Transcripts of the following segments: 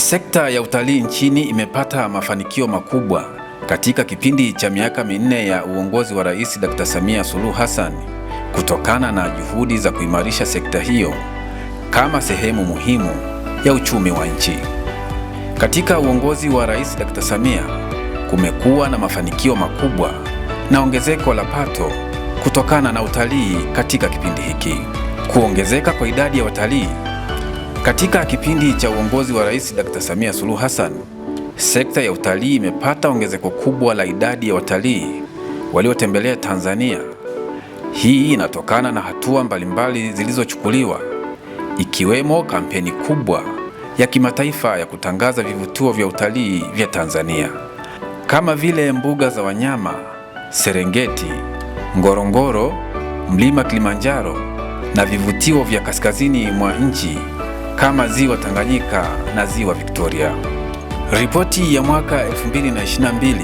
Sekta ya utalii nchini imepata mafanikio makubwa katika kipindi cha miaka minne ya uongozi wa Rais Dr. Samia Suluhu Hassan kutokana na juhudi za kuimarisha sekta hiyo kama sehemu muhimu ya uchumi wa nchi. Katika uongozi wa Rais Dr. Samia kumekuwa na mafanikio makubwa na ongezeko la pato kutokana na utalii katika kipindi hiki. Kuongezeka kwa idadi ya watalii katika kipindi cha uongozi wa Rais Dr. Samia Suluhu Hassan, sekta ya utalii imepata ongezeko kubwa la idadi ya watalii waliotembelea Tanzania. Hii inatokana na hatua mbalimbali zilizochukuliwa ikiwemo kampeni kubwa ya kimataifa ya kutangaza vivutio vya utalii vya Tanzania kama vile mbuga za wanyama Serengeti, Ngorongoro, Mlima Kilimanjaro na vivutio vya kaskazini mwa nchi kama ziwa Tanganyika na ziwa Victoria. Ripoti ya mwaka 2022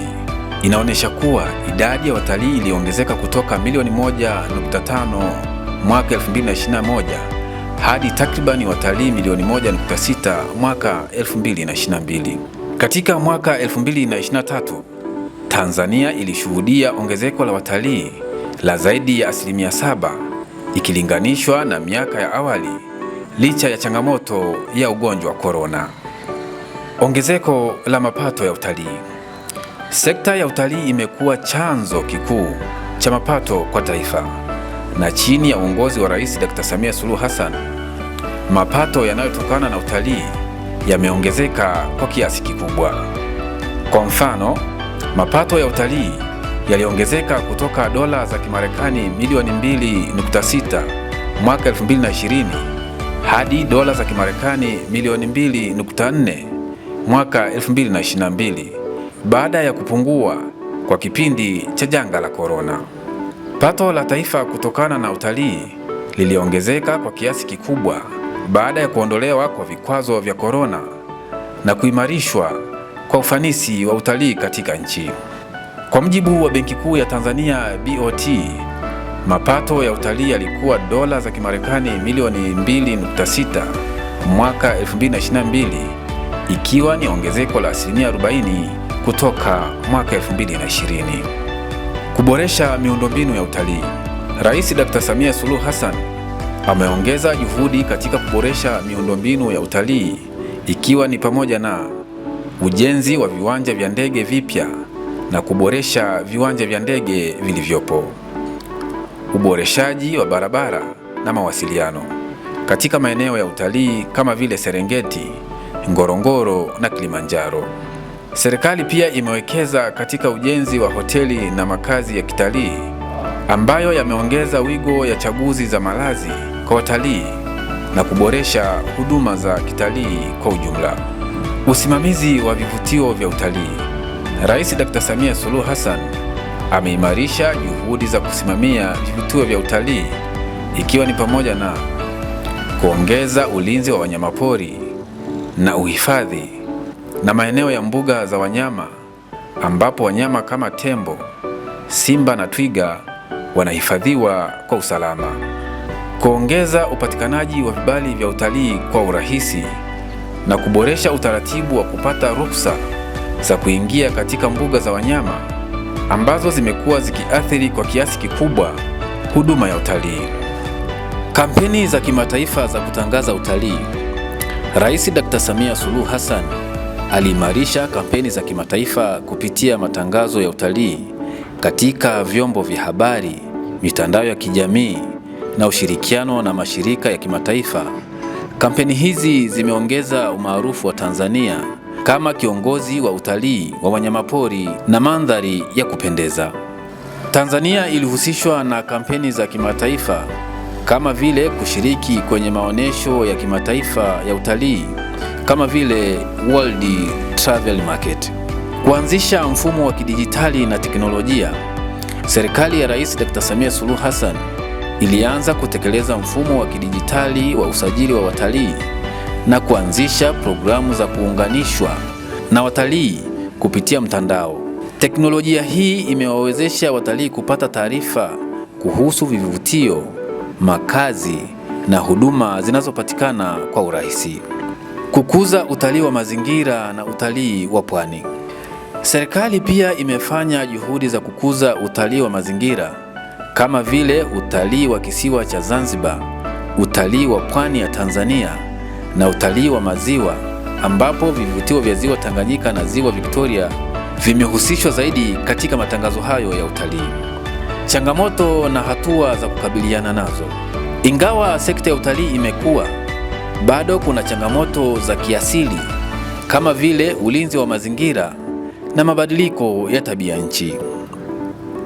inaonyesha kuwa idadi ya watalii iliongezeka kutoka milioni 1.5 mwaka 2021 hadi takribani watalii milioni 1.6 mwaka 2022. Katika mwaka 2023, Tanzania ilishuhudia ongezeko la watalii la zaidi ya asilimia saba ikilinganishwa na miaka ya awali licha ya changamoto ya ugonjwa wa korona, ongezeko la mapato ya utalii. Sekta ya utalii imekuwa chanzo kikuu cha mapato kwa taifa, na chini ya uongozi wa Rais Dr. Samia Suluhu Hassan, mapato yanayotokana na utalii yameongezeka kwa kiasi kikubwa. Kwa mfano, mapato ya utalii yaliongezeka kutoka dola za Kimarekani milioni 2.6 mwaka 2020 hadi dola za Kimarekani milioni 2.4 mwaka 2022 baada ya kupungua kwa kipindi cha janga la korona. Pato la taifa kutokana na utalii liliongezeka kwa kiasi kikubwa baada ya kuondolewa kwa vikwazo vya korona na kuimarishwa kwa ufanisi wa utalii katika nchi. Kwa mujibu wa Benki Kuu ya Tanzania BOT Mapato ya utalii yalikuwa dola za Kimarekani milioni 2.6 mwaka 2022, ikiwa ni ongezeko la asilimia 40 kutoka mwaka 2020. Kuboresha miundombinu ya utalii. Rais Dr. Samia Suluhu Hassan ameongeza juhudi katika kuboresha miundombinu ya utalii ikiwa ni pamoja na ujenzi wa viwanja vya ndege vipya na kuboresha viwanja vya ndege vilivyopo uboreshaji wa barabara na mawasiliano katika maeneo ya utalii kama vile Serengeti, Ngorongoro na Kilimanjaro. Serikali pia imewekeza katika ujenzi wa hoteli na makazi ya kitalii ambayo yameongeza wigo ya chaguzi za malazi kwa watalii na kuboresha huduma za kitalii kwa ujumla. Usimamizi wa vivutio vya utalii. Rais Dr. Samia Suluhu Hassan ameimarisha juhudi za kusimamia vivutio vya utalii ikiwa ni pamoja na kuongeza ulinzi wa wanyamapori na uhifadhi na maeneo ya mbuga za wanyama ambapo wanyama kama tembo, simba na twiga wanahifadhiwa kwa usalama. Kuongeza upatikanaji wa vibali vya utalii kwa urahisi na kuboresha utaratibu wa kupata ruhusa za kuingia katika mbuga za wanyama ambazo zimekuwa zikiathiri kwa kiasi kikubwa huduma ya utalii. Kampeni za kimataifa za kutangaza utalii. Rais Dr. Samia Suluhu Hassan aliimarisha kampeni za kimataifa kupitia matangazo ya utalii katika vyombo vya habari, mitandao ya kijamii na ushirikiano na mashirika ya kimataifa. Kampeni hizi zimeongeza umaarufu wa Tanzania kama kiongozi wa utalii wa wanyamapori na mandhari ya kupendeza. Tanzania ilihusishwa na kampeni za kimataifa kama vile kushiriki kwenye maonyesho ya kimataifa ya utalii kama vile World Travel Market. Kuanzisha mfumo wa kidijitali na teknolojia, serikali ya Rais Dr. Samia Suluhu Hassan ilianza kutekeleza mfumo wa kidijitali wa usajili wa watalii na kuanzisha programu za kuunganishwa na watalii kupitia mtandao. Teknolojia hii imewawezesha watalii kupata taarifa kuhusu vivutio, makazi na huduma zinazopatikana kwa urahisi. Kukuza utalii wa mazingira na utalii wa pwani. Serikali pia imefanya juhudi za kukuza utalii wa mazingira kama vile utalii wa kisiwa cha Zanzibar, utalii wa pwani ya Tanzania na utalii wa maziwa ambapo vivutio vya ziwa Tanganyika na ziwa Victoria vimehusishwa zaidi katika matangazo hayo ya utalii. Changamoto na hatua za kukabiliana nazo. Ingawa sekta ya utalii imekuwa, bado kuna changamoto za kiasili kama vile ulinzi wa mazingira na mabadiliko ya tabia nchi.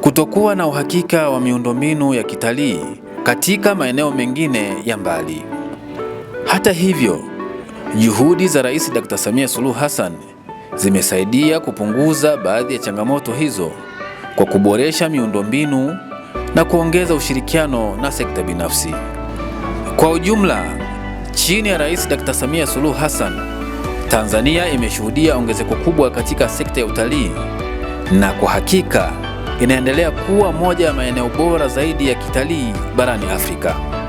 Kutokuwa na uhakika wa miundombinu ya kitalii katika maeneo mengine ya mbali. Hata hivyo, juhudi za Rais Dr. Samia Suluhu Hassan zimesaidia kupunguza baadhi ya changamoto hizo kwa kuboresha miundombinu na kuongeza ushirikiano na sekta binafsi. Kwa ujumla, chini ya Rais Dr. Samia Suluhu Hassan, Tanzania imeshuhudia ongezeko kubwa katika sekta ya utalii na kwa hakika inaendelea kuwa moja ya maeneo bora zaidi ya kitalii barani Afrika.